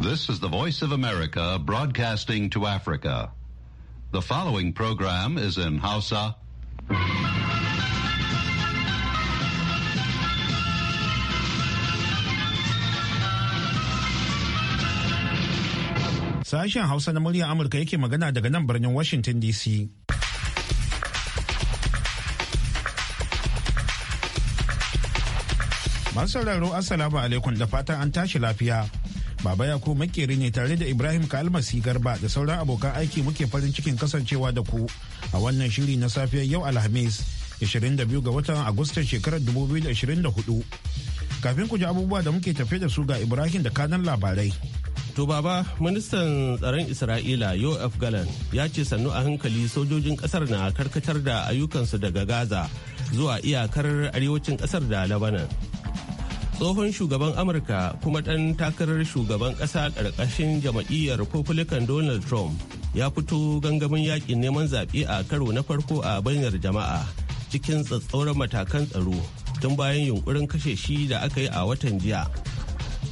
This is the Voice of America broadcasting to Africa. The following program is in Hausa. Sashen Hausa na muryar Amurka yake magana daga nan birnin Washington DC. Masu sauraro Assalamu alaikum da fatan an tashi lafiya. Baba Yakubu makeri ne tare da Ibrahim Kalmasi Garba da sauran abokan aiki muke farin cikin kasancewa da ku a wannan shiri na safiyar yau Alhamis 22 ga watan Agustan shekarar 2024. Kafin ku ji abubuwa da muke tafe da su ga Ibrahim da kanan labarai. To baba, ministan tsaron Isra'ila Yoav Galan ya ce sannu a hankali sojojin kasar na karkatar da ayyukansu daga Gaza zuwa iyakar arewacin kasar da Lebanon. tsohon shugaban amurka kuma ɗan takarar shugaban ƙasa ƙarƙashin jama'iyyar republican donald trump ya fito gangamin yakin neman zaɓe a karo na farko a bayyar jama'a cikin tsatsauran matakan tsaro tun bayan yunkurin kashe shi da aka yi a watan jiya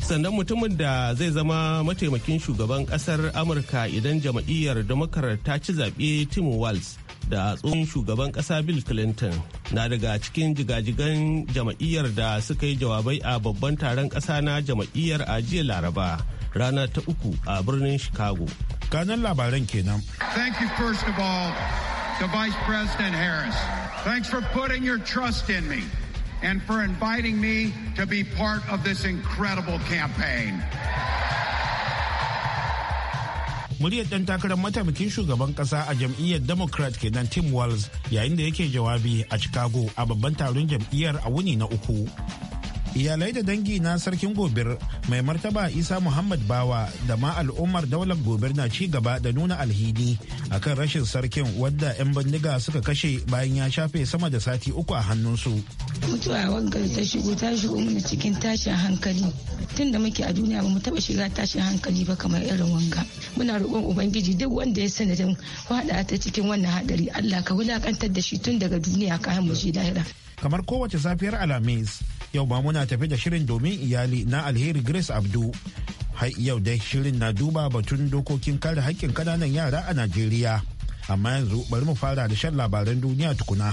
sannan mutumin da zai zama mataimakin shugaban kasar amurka idan jama'iyyar democrat ta ci zaɓe tim walz da tsohon shugaban kasa bill clinton na daga cikin jigajigan jama'iyyar da suka yi jawabai a babban taron kasa na jama'iyyar a laraba rana ta uku a birnin chicago kanan labaran kenan thank you first of all to vice president harris thanks for putting your trust in me and for inviting me to be part of this incredible campaign muryar dan takarar mataimakin shugaban kasa a jam'iyyar democrat kenan tim walz yayin da yake jawabi a chicago a babban taron jam'iyyar a wuni na uku iyalai da dangi na sarkin gobir mai martaba isa muhammad bawa da ma al'ummar daular gobir na ci gaba da nuna alhini akan rashin sarkin wadda 'yan bindiga suka kashe bayan ya shafe sama da sati uku a hannunsu mutuwa wangar ta shigo ta shigo mana cikin tashin hankali tun da muke a duniya ba mu taba shiga tashin hankali ba kamar irin wanga muna roƙon ubangiji duk wanda ya sanadin fada ta cikin wannan haɗari allah ka wulakantar da shi tun daga duniya ka mu shi lahira kamar kowace safiyar alhamis yau ba muna tafi da shirin domin iyali na alheri grace abdu har yau dai shirin na duba batun dokokin kare haƙƙin ƙananan yara a najeriya amma yanzu bari mu fara da shan labaran duniya tukuna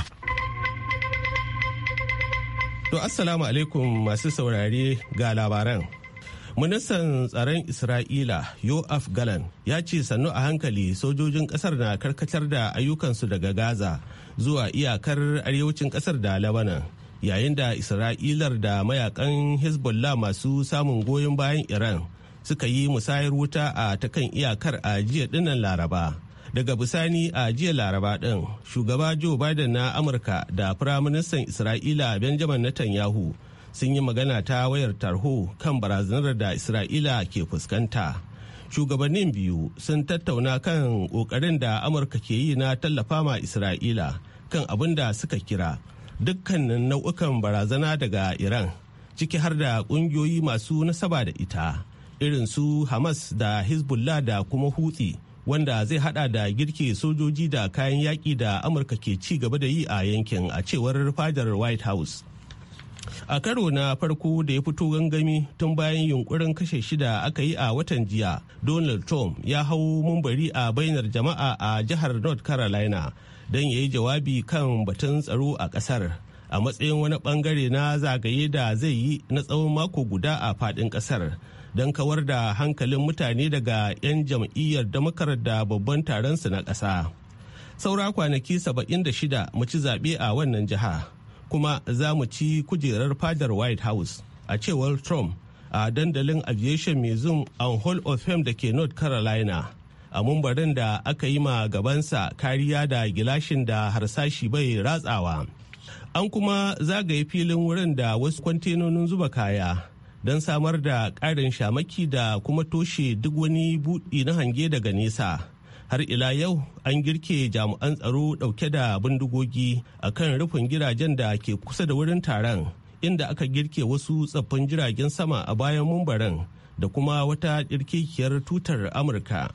to assalamu alaikum masu saurare ga labaran ministan tsaron isra'ila yoaf galan ya ce sannu a hankali sojojin kasar na karkatar da ayyukansu daga gaza zuwa iyakar arewacin kasar da labanan yayin da isra'ilar da mayakan hezbollah masu samun goyon bayan iran suka yi musayar wuta a ta kan iyakar a jiya dinnan laraba daga bisani a jiya laraba din shugaba joe biden na amurka da firaministan isra'ila benjamin netanyahu sun yi magana ta wayar tarho kan barazanar da isra'ila ke fuskanta shugabannin biyu sun tattauna kan kokarin da amurka ke yi na tallafa ma isra'ila kan abin da suka kira dukkanin nau'ukan barazana daga iran ciki har da kungiyoyi masu nasaba da ita irin su hamas da hezbollah da kuma hutsi wanda zai hada da girke sojoji da kayan yaƙi da amurka ke ci gaba da yi a yankin a cewar fadar white house a karo na farko da ya fito gangami tun bayan yunkurin kashe shida aka yi a watan jiya donald trump ya hau mumbari a bainar jama'a a jihar north carolina don ya yi jawabi kan batun tsaro a ƙasar a matsayin wani bangare na zagaye da zai yi na tsawon mako guda a faɗin ƙasar don kawar da hankalin mutane daga 'yan jam'iyyar damakar da babban taronsu na ƙasa. Saura kwanaki 76 mu ci zaɓe a wannan jiha kuma za mu ci kujerar fadar White House a cewar Trump a dandalin aviation museum a Hall of Fame da ke North Carolina. a mumbarin da aka yi ma gabansa kariya da gilashin da harsashi bai ratsawa an kuma zagaye filin wurin da wasu kwantenonin zuba kaya don samar da ƙarin shamaki da kuma toshe duk wani buɗi na hange daga nesa har ila yau an girke jami'an tsaro ɗauke da bindigogi a kan rufin gidajen da ke kusa da wurin taron inda aka girke wasu tsaffin jiragen sama a bayan mumbarin da kuma wata ƙirkikiyar tutar amurka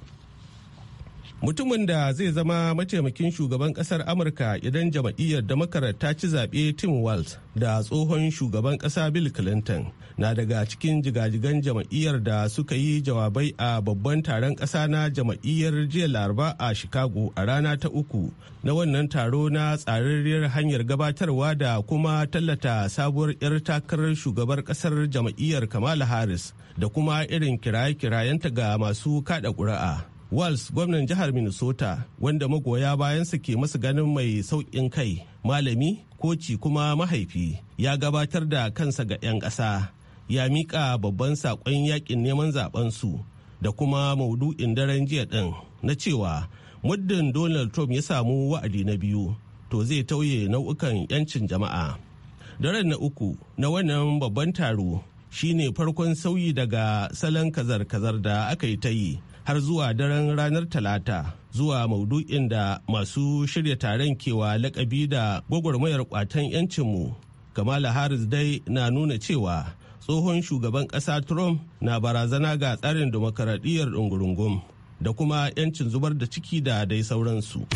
mutumin da zai zama mataimakin shugaban kasar amurka idan jam'iyyar democrat ta ci zaɓe tim walz da tsohon shugaban ƙasa bill clinton na daga cikin jigajigan jam'iyyar da suka yi jawabai a babban taron ƙasa na jam'iyyar jiya laraba a chicago a rana ta uku na wannan taro na tsararriyar hanyar gabatarwa da kuma tallata sabuwar 'yar takarar shugabar ƙasar jam'iyyar kamala harris da kuma irin kiraye-kirayenta ga masu kada ƙuri'a. Walls gwamnan jihar Minnesota wanda magoya bayansa ke masu ganin mai sauƙin kai malami koci kuma mahaifi ya gabatar da kansa ga 'yan ƙasa ya miƙa babban saƙon yaƙin neman zaɓensu da kuma maudu'in daren jiya ɗin na cewa muddin Donald Trump ya samu wa'adi na biyu to zai tauye nau'ukan 'yancin jama'a. Daren na uku na wannan babban taro shine farkon sauyi daga salon kazar-kazar da aka yi ta yi har zuwa daren ranar talata zuwa maudu'in da masu shirya taron kewa lakabi da gwagwarmayar kwatan 'yancinmu kamala harris dai na nuna cewa tsohon shugaban ƙasa trump na barazana ga tsarin demokaradiyyar ɗungurungum da kuma 'yancin zubar da ciki da dai sauransu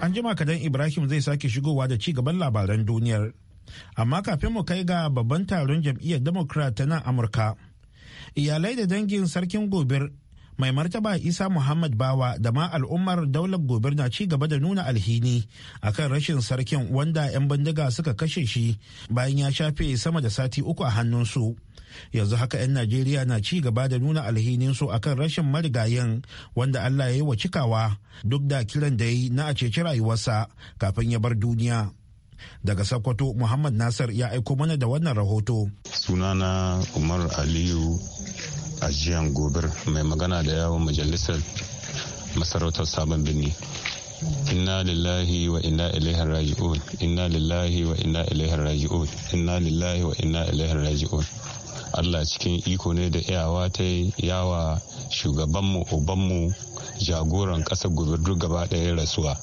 an jima kadan ibrahim zai sake shigowa da ci gaban labaran duniyar amma kafin mu kai ga babban taron jam'iyyar democrat ta nan amurka iyalai da dangin sarkin gobir mai martaba isa muhammad bawa da ma al'ummar daular gobir na ci gaba da nuna alhini akan rashin sarkin wanda 'yan bindiga suka kashe shi bayan ya shafe sama da sati uku a hannunsu yanzu haka 'yan najeriya na ci gaba da nuna alhininsu akan rashin marigayen wanda allah ya yi wa cikawa duk da kiran da yi na a ceci rayuwarsa kafin ya bar duniya daga Sokoto Muhammad Nasir ya aiko mana da wannan rahoto. Sunana Umar Aliyu a jiyan gobir mai magana da yawon majalisar masarautar sabon birni inna lillahi wa inna ilaihi raji'un inna lillahi wa inna ilaihi raji'un inna lillahi wa inna ilaihi raji'un Allah cikin iko ne da iyawa ta yawa shugabanmu obanmu jagoran ƙasar gobir duk gaba ɗaya rasuwa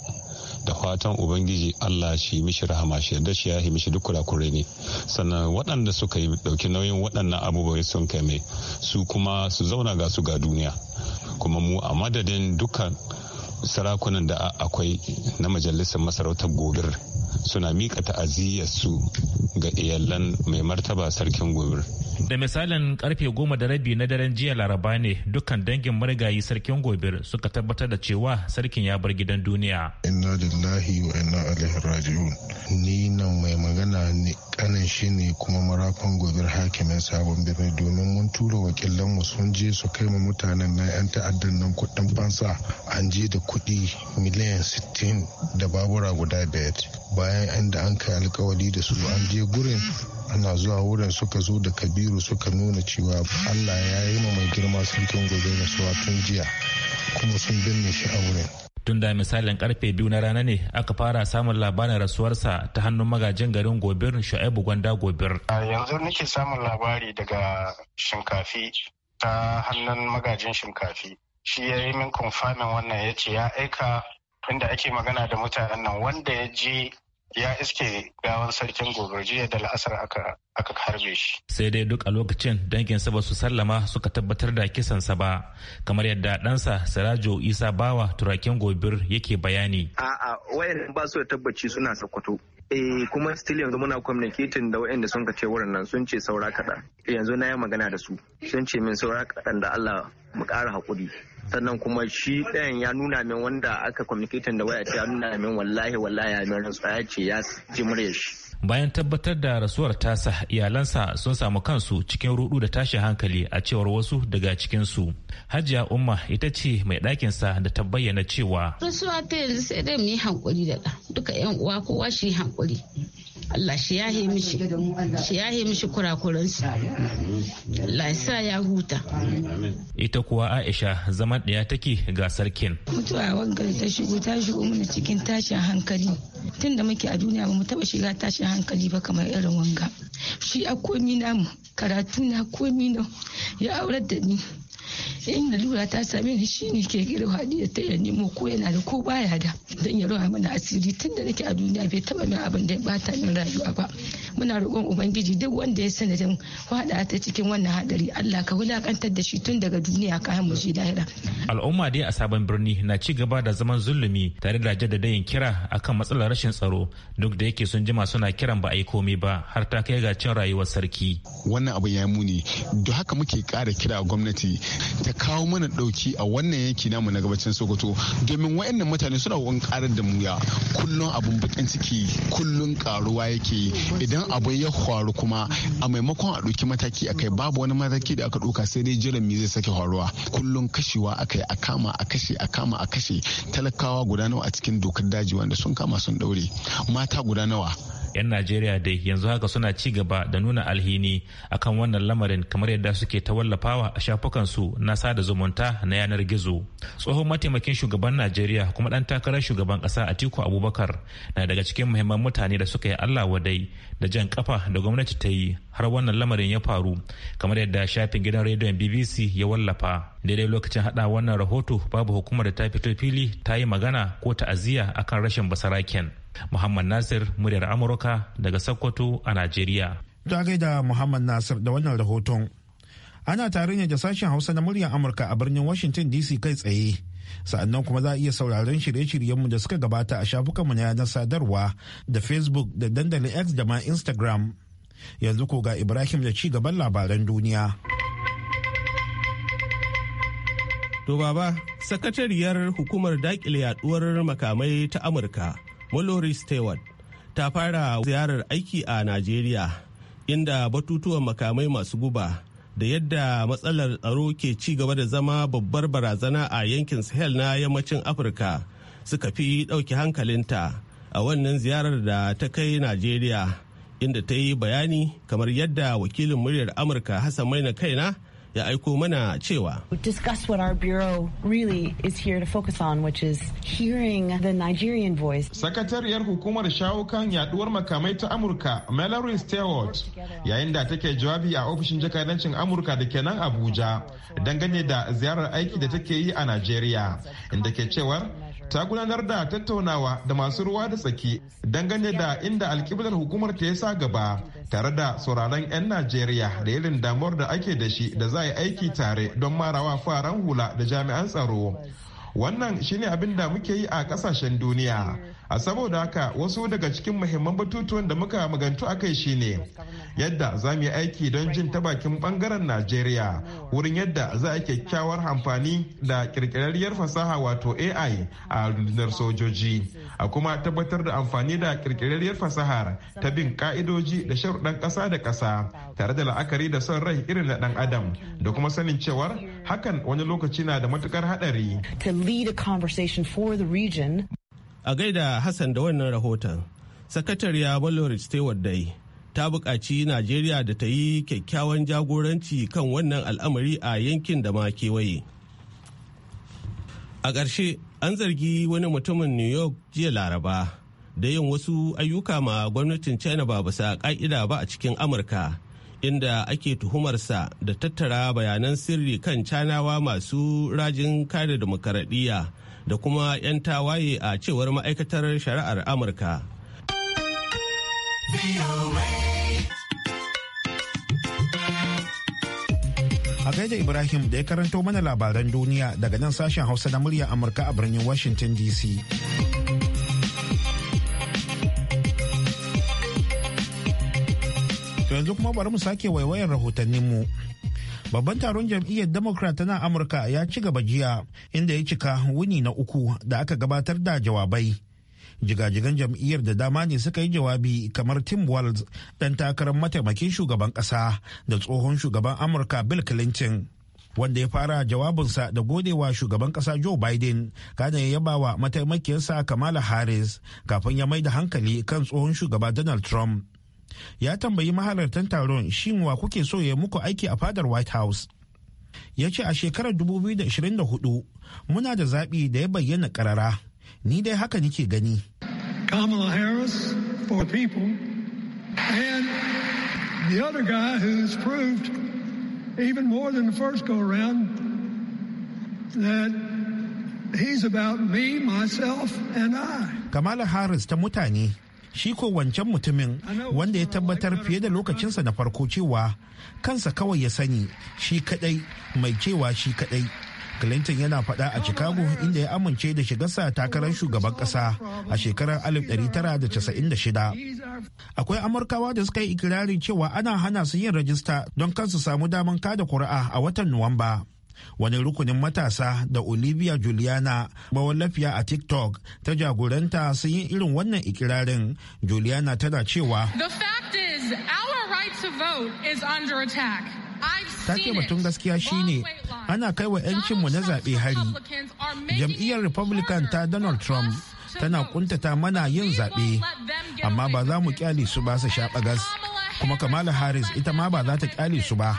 da fatan ubangiji allah shi mishi rahama shi da shi ya yi mishi duk kurakure ne sannan waɗanda suka yi ɗauki nauyin waɗannan abubuwa sun kai mai su kuma su zauna ga su ga duniya kuma mu a madadin dukkan sarakunan da akwai na majalisar masarautar gobir suna mika su ga iyalan mai martaba sarkin gobir. Da misalin karfe goma da rabi na daren jiya laraba ne dukkan dangin marigayi sarkin gobir suka tabbatar da cewa sarkin ya bar gidan duniya. Inna lillahi wa inna ilaihi raji'un. Ni nan mai magana ne kanin shi ne kuma marafan gobir hakimin sabon birni domin mun tura wakilan mu sun je su kai mu mutanen na yan ta'addan nan kuɗin fansa an je da kuɗi miliyan sittin da babura guda biyar. bayan inda an kai alkawali da su an je gurin ana zuwa wurin suka zo da kabiru suka nuna cewa allah ya yi ma mai girma sarkin gobe na suwa tun jiya kuma sun binne shi a wurin tun da misalin karfe biyu na rana ne aka fara samun labarin rasuwarsa ta hannun magajin garin gobir shu'aibu gwanda gobir yanzu nake samun labari daga shinkafi ta hannun magajin shinkafi shi ya yi min wannan ya ce ya aika inda ake magana da mutanen nan wanda ya je ya iske gawan sarkin gobe jiya da la'asar aka harbe shi. Sai dai duk a lokacin danginsa ba su sallama suka tabbatar da kisan sa ba kamar yadda ɗansa Sirajo Isa Bawa turakin gobir yake bayani. A'a wayan ba su da tabbaci suna sakwato. Eh kuma still yanzu muna communicating da wayanda sun kace wurin nan sun ce saura kaɗan. Yanzu na yi magana da su. Sun ce min saura kaɗan da Allah mu ƙara haƙuri. sannan kuma shi ɗayan ya nuna min wanda aka communicating da waya ya nuna min wallahi wallahi ya min rantsuwa ya ce ya ji shi bayan tabbatar da rasuwar tasa iyalansa sun samu kansu cikin rudu da tashin hankali a cewar wasu daga cikinsu hajiya umma ita ce mai ɗakinsa da ta bayyana cewa rasuwa ta yanzu sai dai mu yi hankuri da duka yan uwa kowa shi hankuri Allah shi ya mishi shi yahe mishi kurakuransu Allah sa ya huta ita kuwa Aisha zaman ɗaya take ga sarkin mutuwa wangar ta shigo ta shigo mana cikin tashin hankali Tunda muke a duniya mu taba shiga tashin hankali ba kamar irin wanga shi a komi namu karatu na komi na ya aurar da ni sai in lalura ta same ni shi ne ke gida ya ta ya nemo ko yana da ko baya da don ya rawa mana asiri tunda nake a duniya bai taba min abin da ya bata min rayuwa ba muna roƙon ubangiji duk wanda ya sanadin faɗa ta cikin wannan hadari Allah ka wulakantar da shi tun daga duniya kayan mu shi lahira al'umma dai a sabon birni na ci gaba da zaman zulumi tare da jaddadayin kira akan matsalar rashin tsaro duk da yake sun jima suna kiran ba a yi komai ba har ta kai ga cin rayuwar sarki wannan abu ya muni da haka muke kara kira gwamnati ta kawo mana ɗauki a wannan yanki namu na gabacin Sokoto domin wa'annan mutane suna wani karar da muya kullum abun bakin ciki kullun karuwa yake idan abu ya faru kuma a maimakon a ɗauki mataki akai babu wani mataki da aka ɗauka sai dai jiran zai sake faruwa kullum kashewa akai a kama a kashe a kama a kashe talakawa guda nawa a cikin dokar daji wanda sun kama sun ɗaure mata guda nawa 'yan najeriya dai yanzu haka suna ci gaba da nuna alhini akan wannan lamarin kamar yadda suke ta wallafawa a shafukansu na sada zumunta na yanar gizo tsohon mataimakin shugaban najeriya kuma dan takarar shugaban kasa atiku abubakar na daga cikin muhimman mutane da suka yi allah wadai da jan kafa da gwamnati ta yi har wannan lamarin ya faru kamar yadda shafin gidan rediyon bbc ya wallafa daidai lokacin hada wannan rahoto babu hukumar da ta fito fili ta yi magana ko ta'aziyya akan rashin basaraken Muhammad Nasir muryar Amurka daga Sokoto a Najeriya. ta gaida Muhammad Nasir da wannan rahoton. Ana tare da sashen Hausa na muryar Amurka a birnin Washington DC kai tsaye. Sa'annan kuma za a iya sauraron shirye-shiryenmu da suka gabata a shafukanmu na yanar sadarwa da Facebook da dandalin X da ma Instagram. Yanzu ko ga Ibrahim da ci gaban labaran duniya. To baba, sakatariyar hukumar dakile yaduwar makamai ta Amurka Mallory Stewart ta fara ziyarar aiki a Najeriya inda batutuwan makamai masu guba da yadda matsalar tsaro ke ci gaba da zama babbar barazana a yankin Sahel na yammacin Afirka suka fi ɗauki hankalinta a wannan ziyarar da ta kai Najeriya inda ta yi bayani kamar yadda wakilin muryar Amurka Hassan Maina kaina ya aiko mana cewa. Discuss what our is here focus on which is the Nigerian voice. Sakatariyar hukumar shawo kan yaduwar makamai ta Amurka Mallory Stewart yayin da take jawabi a ofishin jakadancin Amurka da ke nan Abuja dangane da ziyarar aiki da take yi a Najeriya inda ke cewar ta gudanar da tattaunawa da masu ruwa da tsaki dangane da inda alkiblar hukumar ta ya sa gaba tare da sauraron 'yan najeriya da irin damar da ake da shi da za a yi aiki tare don marawa faran hula da jami'an tsaro wannan shine abin da muke yi a kasashen duniya a saboda haka wasu daga cikin muhimman batutuwan da muka magantu akai shine yadda za mu yi aiki don jin ta bakin bangaren najeriya wurin yadda za a kyakkyawar amfani da kirkirarriyar fasaha wato ai a rundunar sojoji a kuma tabbatar da amfani da kirkirarriyar fasahar ta bin ka'idoji da sharuɗan ƙasa da ƙasa tare da la'akari da son rai irin na ɗan adam da kuma sanin cewar hakan wani lokaci na da matukar haɗari. A gaida Hassan da wannan rahoton, Sakatariya Valerie Stewart dai ta buƙaci Najeriya da ta yi kyakkyawan jagoranci kan wannan al'amari a yankin da ma kewaye. A ƙarshe, an zargi wani mutumin New York jiya Laraba da yin wasu ayyuka ma gwamnatin China ba bisa ƙa'ida ba a cikin Amurka. inda ake tuhumarsa da tattara bayanan sirri kan canawa masu rajin kare demokaradiyya da kuma 'yan tawaye a cewar ma'aikatar shari'ar amurka a da ibrahim da ya karanto mana labaran duniya daga nan sashen hausa na murya amurka a birnin washington dc yanzu kuma bari mu sake waiwayar rahotanninmu Babban taron jam'iyyar Democrat na Amurka ya ci gaba jiya inda ya cika wuni na uku da aka gabatar da jawabai. Jigajigan jam'iyyar da dama ne suka yi jawabi kamar Tim Walz dan takarar mataimakin shugaban ƙasa da tsohon shugaban Amurka Bill Clinton. wanda ya fara jawabinsa da godewa shugaban kasa Joe Biden kada ya yaba wa mataimakiyarsa Kamala Harris kafin ya mai da hankali kan tsohon shugaba Donald Trump. ya tambayi mahalartan taron shin wa kuke so ya muku aiki a fadar white house ya ce a shekarar 2024 muna da zaɓi da ya bayyana ƙarara ni dai haka nike gani kamala harris for people and the other guy who's proved even more than the first go around that he's about me myself and i kamala harris ta mutane shi ko wancan mutumin wanda ya tabbatar fiye da lokacinsa na farko cewa kansa kawai ya sani shi kadai mai cewa shi kadai clinton yana faɗa a chicago inda ya amince da shigarsa takarar shugaban kasa a shekarar 1996 akwai amurkawa da suka yi ikirarin cewa ana hana su yin rajista don kansu samu damar kada kuri'a a watan nuwamba wani rukunin matasa da olivia juliana mawallafiya a tiktok ta jagoranta sun yi irin wannan ikirarin juliana tana cewa the ke take batun gaskiya shine ana kai wa 'yancinmu na zaɓe hari jam'iyyar republican ta donald trump tana kuntata mana yin zaɓe amma ba za mu kyale su ba su shaɓa gas kuma kamala harris ita ma ba za ta kyale su ba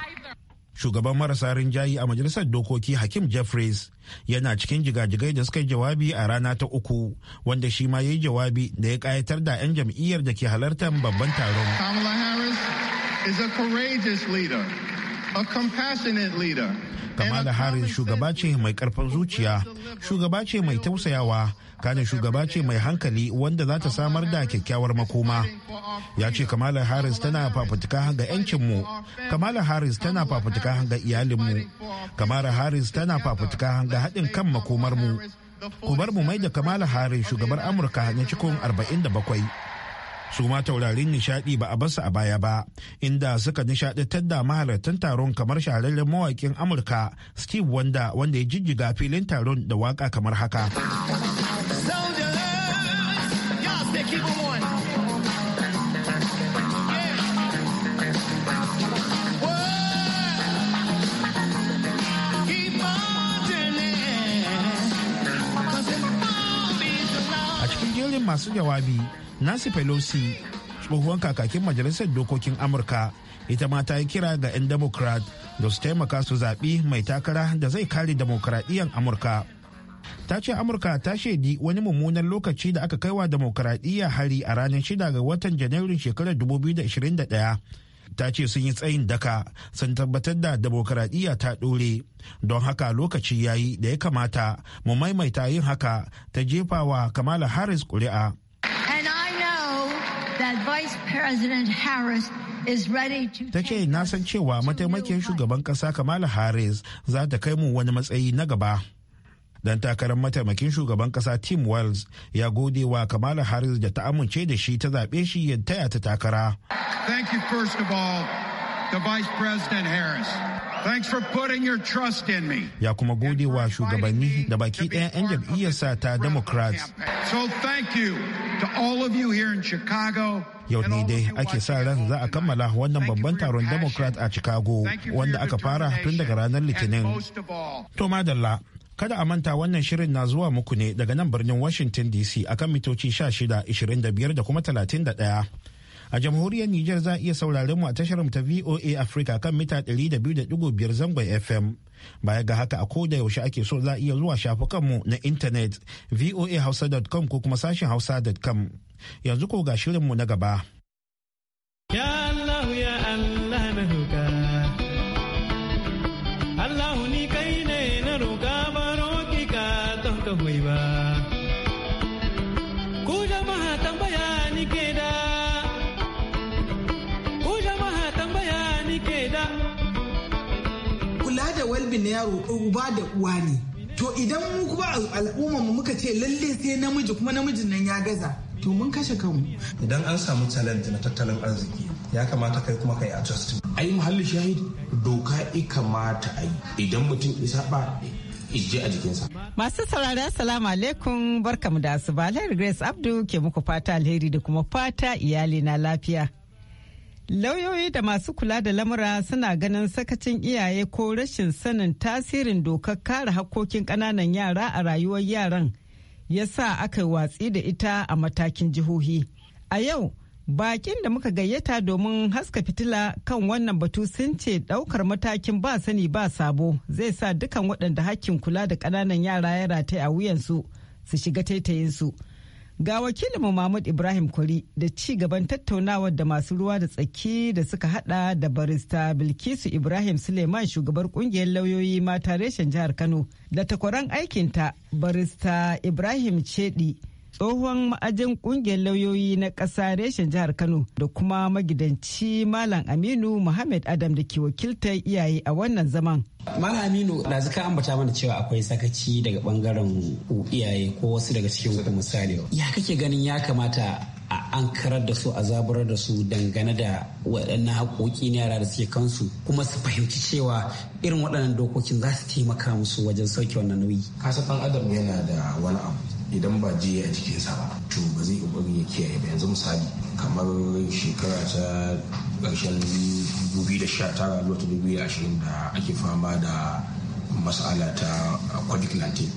shugaban marasa rinjayi a majalisar dokoki hakim jeffries yana cikin jigajigai da suka yi jawabi a rana ta uku wanda shi ma ya yi jawabi da ya kayatar da 'yan jam'iyyar da ke halartar babban taron. Kamala Harris is a courageous leader. Kamala Harris shugaba ce mai karfin zuciya, shugaba ce mai tausayawa, kane shugaba ce mai hankali wanda za ta samar da kyakkyawar makoma. Ya ce Kamala Harris tana fafutuka ga 'yancinmu, Kamala Harris tana fafutuka ga iyalinmu, Kamala Harris tana fafutuka ga haɗin kan makomarmu. Ku bar mu mai da Kamala Harris shugabar Amurka na cikin 47. su ma taurarin nishadi ba a basu a baya ba inda suka nishadantar da mahalartan taron kamar shahararren mawakin amurka steve wanda wanda ya jijjiga filin taron da waka kamar haka masu jawabi nancy pelosi tsohuwan kakakin majalisar dokokin amurka ita ma ta yi kira ga 'yan democrat da su taimaka su zaɓi mai takara da zai kare demokradiyyar amurka ta ce amurka ta shaidi wani mummunan lokaci da aka kaiwa demokradiyyar hari a ranar 6 ga watan janairun shekarar 2021 ta ce sun yi tsayin daka sun tabbatar da demokuraɗiyya ta ɗore don haka lokaci ya yi da ya kamata mu maimaita yin haka ta jefa wa kamala harris ƙuri'a ta ce na san cewa mataimakin shugaban ƙasa kamala harris za ta kai mu wani matsayi na gaba dan takarar mataimakin shugaban kasa tim wells ya gode wa kamala harris da ta amince da shi ta zaɓe shi ya taya ta takara thank you first of all the vice president harris Thanks for putting your trust in me. Ya kuma gode wa shugabanni da baki ɗaya 'yan jam'iyyarsa ta Democrats. So thank you to all of you here in Chicago. Yau ne dai ake sa ran za a kammala wannan babban taron Democrat a Chicago wanda aka fara tun daga ranar Litinin. To madalla. Kada a manta wannan shirin na zuwa muku ne daga nan birnin Washington DC akan mitoci 16, 25 da kuma 31. a jamhuriyar Nijar za a iya sauraren mu a tashar ta VOA Africa kan mita 200.5 zangon FM. Baya ga haka a koda yaushe ake so za a iya zuwa shafukan mu na intanet voahausa.com ko kuma sashen hausa.com. Yanzu ko ga shirin mu na gaba. uba da uwa ne to idan mu kuma al'umma mu muka ce lalle sai namiji kuma namijin nan ya gaza to mun kashe kanmu idan an samu talent na tattalin arziki ya kamata kai kuma kai a ai muhalli shahid doka i kamata ai idan mutum isa ba ije a jikinsa. Masu saurari Assalamu alaikum barkamu da asuba la'iru Grace Abdu ke muku fata alheri da kuma fata iyali na lafiya. Lauyoyi da masu kula da lamura suna ganin sakacin iyaye ko rashin sanin tasirin dokar kare hakkokin ƙananan yara a rayuwar yaran ya sa aka yi watsi da ita a matakin jihohi. A yau, bakin da muka gayyata domin haska fitila kan wannan batu sun ce ɗaukar matakin ba sani ba sabo zai sa dukan waɗanda hakkin kula da ƙananan yara ya rataya a wuyansu su shiga taitayinsu. Ga wakilinmu Mahmud Ibrahim Kwari da ci gaban tattaunawar da masu ruwa da tsaki da suka hada da barista Bilkisu Ibrahim Suleiman shugabar kungiyar lauyoyi mata reshen jihar Kano da takwaran aikinta barista Ibrahim Chedi. tsohon ma'ajin kungiyar lauyoyi na ƙasa reshen jihar kano da kuma magidanci malam aminu muhammad adam da ke wakiltar iyaye a wannan zaman malam aminu da an ambata mana cewa akwai sakaci daga bangaren iyaye ko wasu daga cikin wata misali ya kake ganin ya kamata a an karar da su a zaburar da su dangane da waɗannan haƙoƙi na yara da suke kansu kuma su fahimci cewa irin waɗannan dokokin za su taimaka musu wajen sauke wannan nauyi. kasan ɗan adam yana da wani abu idan ba ji a jikinsa ba to ba zai kokari ya kiyaye ba yanzu misali kamar shekara ta ƙarshen 2019 zuwa ta 2020 da ake fama da matsala ta covid-19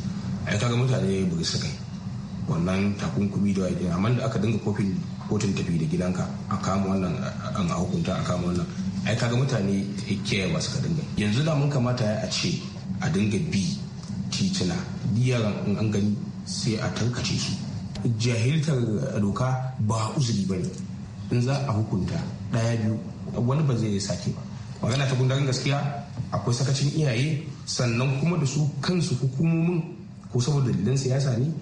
a kaga mutane ba su kai wannan takunkumi da waje amma da aka dinga kofin kotun tafi da gidanka a kama wannan an a hukunta a kama wannan A yi kaga mutane kiyaye ba suka dinga yanzu da mun kamata a ce a dinga bi titina yaran an gani sai a tankace su jahiltar doka ba uzuri ba ne in za a hukunta ɗaya biyu wani ba zai sake ba magana ta gundarin gaskiya akwai sakacin iyaye sannan kuma da su kansu hukumomin ko saboda dalilan siyasa ne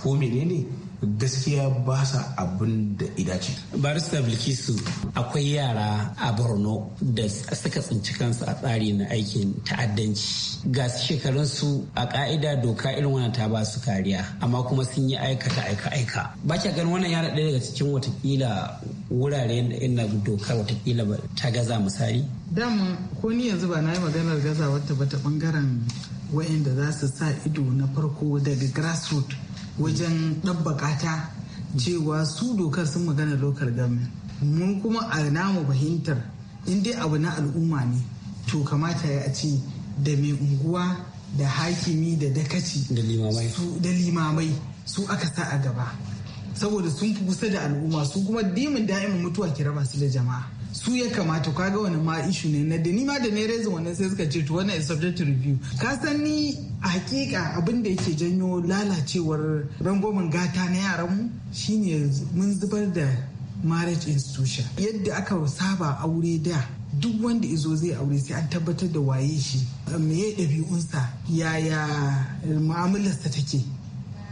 ko menene gaskiya ba sa abin da idace. barista bilkisu akwai yara a borno da suka tsinci kansu a tsari na aikin ta'addanci ga shekarun su a ka'ida doka irin wannan ta ba su kariya amma kuma sun yi aikata aika aika ba ki ganin wannan yana ɗaya daga cikin watakila wurare inda dokar watakila ta gaza misali dama ko ni yanzu ba na yi maganar gaza wata ta bangaren wayanda za su sa ido na farko daga grassroots wajen ɗabbaka ta cewa su dokar sun magana lokar gamin mun kuma a namu fahimtar in dai abu na al'umma ne to kamata ya ce da mai unguwa da hakimi da dakaci da limamai su aka sa a gaba saboda sun fi kusa da al'umma su kuma dimin da'imin mutuwa ki raba su da jama'a su ya kamata kaga wani ma ishu ne na da nima da ne rezin wannan sai suka ce to wannan is subject to review ka san ni hakika abin da yake janyo lalacewar rangwamen gata na yaran mu shine mun zubar da marriage institution yadda aka saba aure da duk wanda izo zai aure sai an tabbatar da waye shi meye ɗabi'unsa yaya mu'amalarsa take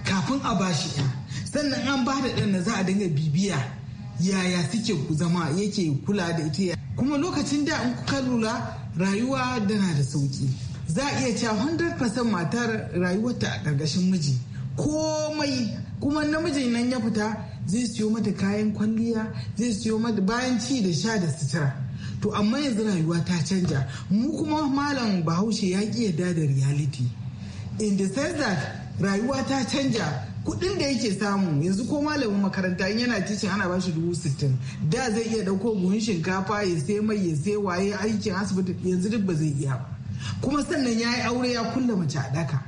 kafin a bashi ya sannan an ba da ɗan za a dinga bibiya yaya suke zama yake kula da ita ya kuma lokacin da in kuka lura rayuwa dana da sauki za a iya cewa 100% matar rayuwarta a ƙarƙashin miji komai kuma namijin nan ya fita zai siyo mata kayan kwalliya zai siyo mata bayan ci da sha da sutura to amma yanzu rayuwa ta canja mu kuma malam bahaushe ya ƙi yadda da reality in the sense that rayuwa ta canja kuɗin da yake samu yanzu ko malamin makaranta in yana ticin ana bashi dubu sittin da zai iya dauko buhun shinkafa ya sai mai ya sai waye aikin asibiti yanzu duk ba zai iya ba kuma sannan ya yi aure ya kulle mace a daka.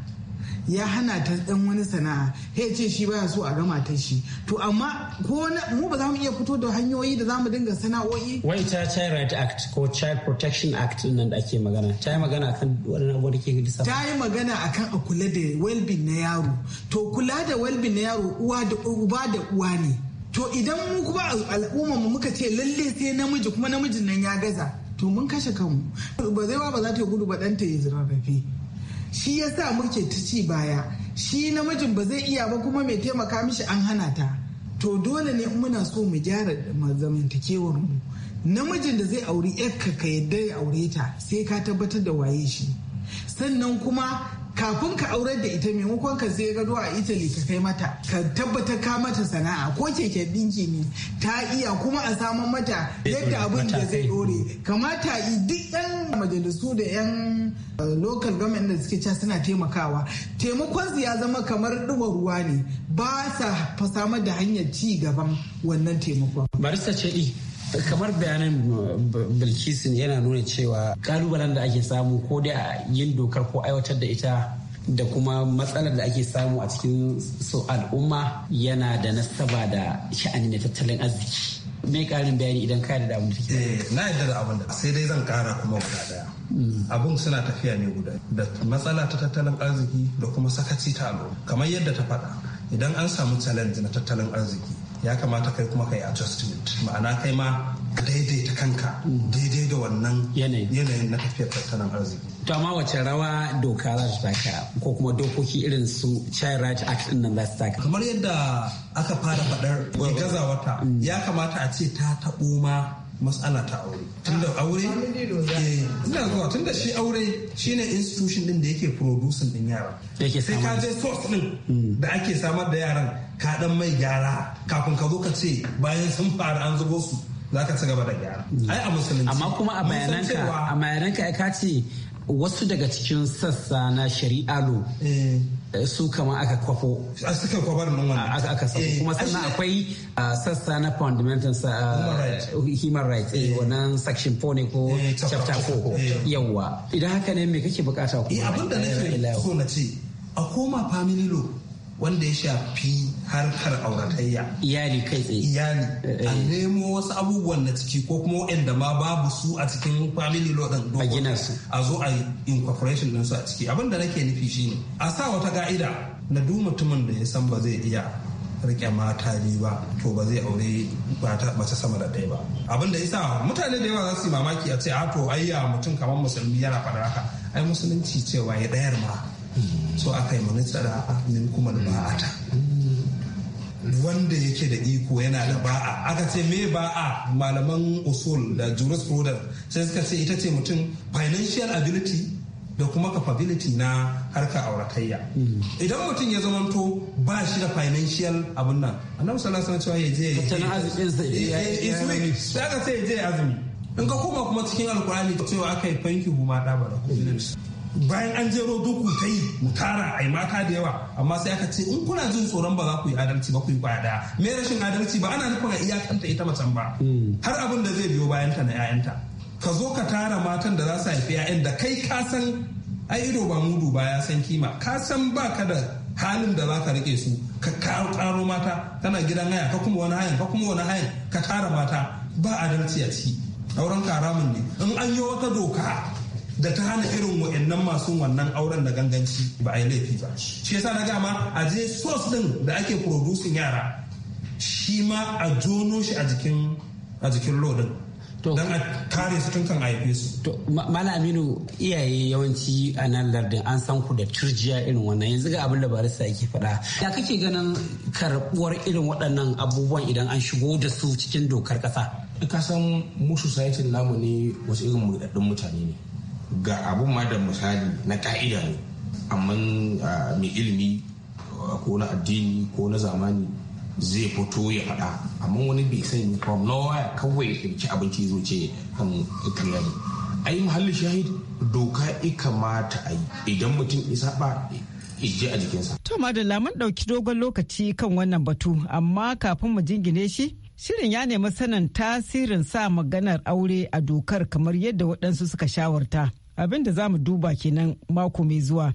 ya hana ta dan wani sana'a ya ce shi baya so a gama ta shi to amma ko mu ba za mu iya fito da hanyoyi da za mu dinga sana'o'i wai ta child right act ko child protection act nan da ake magana ta yi magana akan wannan abu da ke gidisa ta yi magana akan a kula da well na yaro to kula da well na yaro uwa da uba da uwa ne to idan mu kuma al'umma mu muka ce lalle sai namiji kuma namijin nan ya gaza to mun kashe kanmu ba zai ba za ta yi gudu ba ɗanta ya zirarrafe shi ya sa muke ta ci baya shi namijin ba zai iya ba kuma mai taimaka mishi an hana ta to dole ne muna so mu gyara zamantakewar mu namijin da zai auri yarka ka yadda ya aure ta sai ka tabbatar da waye shi sannan kuma kafin ka aurar da ita maimakon ka zai gado a italy ka kai mata ka tabbatar ka mata sana'a ko keke dinki ne ta iya kuma a samun mata yadda abin da zai dore kamata duk yan majalisu da yan eh, local government da suke ca suna taimakawa taimakon su ya zama kamar ɗuwa ruwa ne ba sa samar da hanyar ci gaban wannan taimakon barista ce kamar bayanin uh, bilkisin yana nuna cewa kalubalen da ake samu ko da yin dokar ko aiwatar da ita da kuma matsalar da ake samu a cikin su al'umma yana da nasaba da sha'anin tattalin arziki mai karin bayani idan ka da abin da eh, na yadda da abin da sai dai zan kara kuma guda daya mm. abun suna tafiya ne guda da matsala ta tattalin arziki da kuma sakaci ta al'umma kamar yadda ta faɗa idan an samu challenge na tattalin arziki ya kamata kai kuma kai adjustment ma'ana kai ma ka daidaita kanka daidai da wannan yanayin na tafiyar tattalin arziki to amma wace rawa doka za su taka ko kuma dokoki irin su child right act din nan za su taka kamar yadda aka fara faɗar gaza wata ya kamata a ce ta taɓo ma matsala ta aure tunda aure eh, ina zuwa tunda shi aure shine institution din da yake producing din yara sai ka je source din hmm. da ake samar da yaran ka dan mai gyara kafin ka zo ka ce bayan sun fara an zubo su za ka ci gaba da gyara hmm. ai a musulunci amma kuma a bayananka a bayananka ka ce wasu daga cikin sassa na shari'a lo eh. Eh, su kama aka kwafo a ah, suka kwabar mun wannan ah, aka aka samu eh, kuma sannan akwai ah, sassa na fundamental human rights eh, wannan section 4 ne ko chapter 4 yawa idan haka ne me kake bukata ku abin da nake so na ce a koma family law wanda ya shafi harkar auratayya iyali kai tsaye iyali eh, eh. a nemo wasu abubuwan na ciki ko kuma waɗanda ma babu su a cikin family law din a gina su a zo a incorporation din su a ciki abinda nake nufi shine a sa wata ga'ida na duk mutumin da ya san ba zai iya rike mata ne ba to ba zai aure mace sama da ɗaya ba abinda yasa mutane da yawa za su yi mamaki a ce a to ayya mutum kamar musulmi yana faɗa haka ai musulunci cewa ya ɗayar ma so aka yi mana tsara min kuma da ba'ata wanda yake da iko yana da ba'a aka ce me ba'a malaman usul da jurisprudence sai suka ce ita ce mutum financial ability da kuma capability na harkar auratayya idan mutum ya to ba shi da financial abin nan annabi sallallahu alaihi wasallam ya je ya aka ce ya je azumi in ka koma kuma cikin alkurani cewa aka yi fanki huma da bara bayan an jero duku ta yi mu tara a mata da yawa amma sai aka ce in kuna jin tsoron ba za ku yi adalci ba ku yi kwaya daya me rashin adalci ba ana nufin a iyakanta ita macen ba hmm. har abin da zai biyo bayan ta na 'ya'yanta ka zo ka tara matan da za su haifi 'ya'yan da kai ka san ai ido ba mudu ba ya san kima ka san ba ka da halin da za ka rike su ka karo mata tana gidan haya ka kuma wani hayan ka kuma wani hayan ka tara mata ba adalci a ciki auren karamin ne in an yi wata doka da ta hana irin wa'annan masu wannan auren da ganganci ba a yi laifi ba shi yasa na gama a je sos din da ake producing yara shi ma a jono shi a jikin a jikin lodin don a kare su tun kan haife su. To, Aminu iyaye yawanci a nan lardin an san ku da turjiya irin wannan yanzu ga abin da barista ake faɗa. Ya kake ganin karɓuwar irin waɗannan abubuwan idan an shigo da su cikin dokar ƙasa? Ka san mu society namu ne wasu irin murɗaɗɗun mutane ne. ga abun ma da misali na ka'ida ne amma mai ilimi ko na addini ko na zamani zai fito ya faɗa amma wani bai sani from nowhere kawai ya ɗauki abinci zo ce kan ikirya ne yi muhalli shahid doka mata a yi idan mutum isa ba ije a jikinsa. To madalla mun ɗauki dogon lokaci kan wannan batu amma kafin mu jingine shi shirin ya nemi sanin tasirin sa maganar aure a dokar kamar yadda waɗansu suka shawarta. abin da za mu duba kenan mako mai zuwa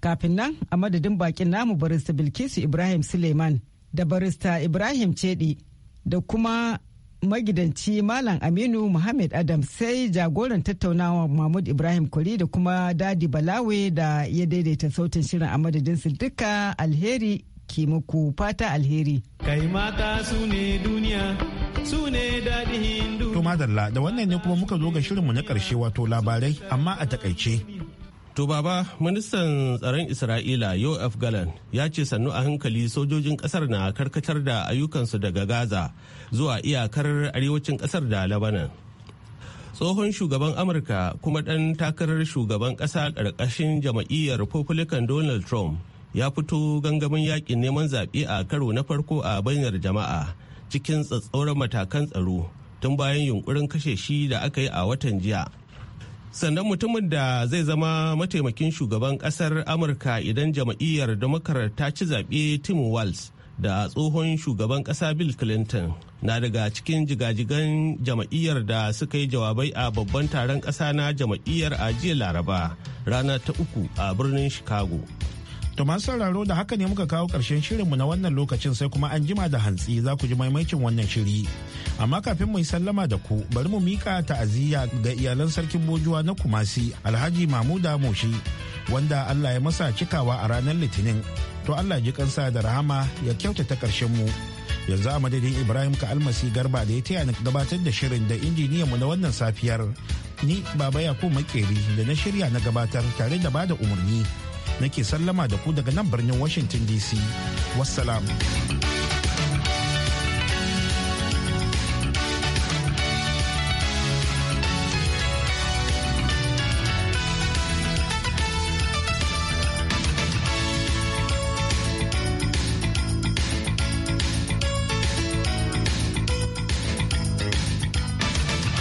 kafin nan a madadin bakin namu barista bilkisu ibrahim suleiman da barista ibrahim cedi da kuma magidanci malam aminu muhammad adam sai jagoran tattaunawa mahmud ibrahim kuri da kuma dadi balawe da ya daidaita sautin shirin a madadin su duka alheri ke muku fata alheri kai mata su ne duniya su ne daɗin hindu. To madalla da wannan ne kuma muka zo ga shirinmu na karshe wato labarai amma a takaice. To baba ministan tsaron Isra'ila Yoav Galan ya ce sannu a hankali sojojin kasar na karkatar da ayyukansu daga Gaza zuwa iyakar arewacin kasar da Lebanon. Tsohon shugaban Amurka kuma ɗan takarar shugaban ƙasa ƙarƙashin jama'iyyar Republican Donald Trump ya fito gangamin yakin neman zaɓe a karo na farko a banyar jama'a. cikin tsatsauran matakan tsaro tun bayan yunkurin kashe shi da aka yi a watan jiya sannan mutumin da zai zama mataimakin shugaban kasar amurka idan jama'iyyar damakar ta ci zaɓe tim walz da tsohon shugaban ƙasa bill clinton na daga cikin jigajigan jama'iyyar da suka yi jawabai a babban taron ƙasa na jama'iyyar a jiya laraba rana ta uku a birnin chicago To masu sauraro da haka ne muka kawo ƙarshen shirinmu na wannan lokacin sai kuma an jima da hantsi za ku ji maimakin wannan shiri. Amma kafin mu yi sallama da ku bari mu mika ta'aziyya ga iyalan sarkin bojuwa na Kumasi Alhaji Mamuda Moshi wanda Allah ya masa cikawa a ranar Litinin. To Allah ji kansa da rahama ya kyautata ƙarshen mu. Yanzu a madadin Ibrahim ka almasi garba da ya taya ni gabatar da shirin da mu na wannan safiyar. Ni Baba Yakubu Makeri da na shirya na gabatar tare da bada umarni. nake sallama da ku daga nan birnin Washington DC. Wassalam.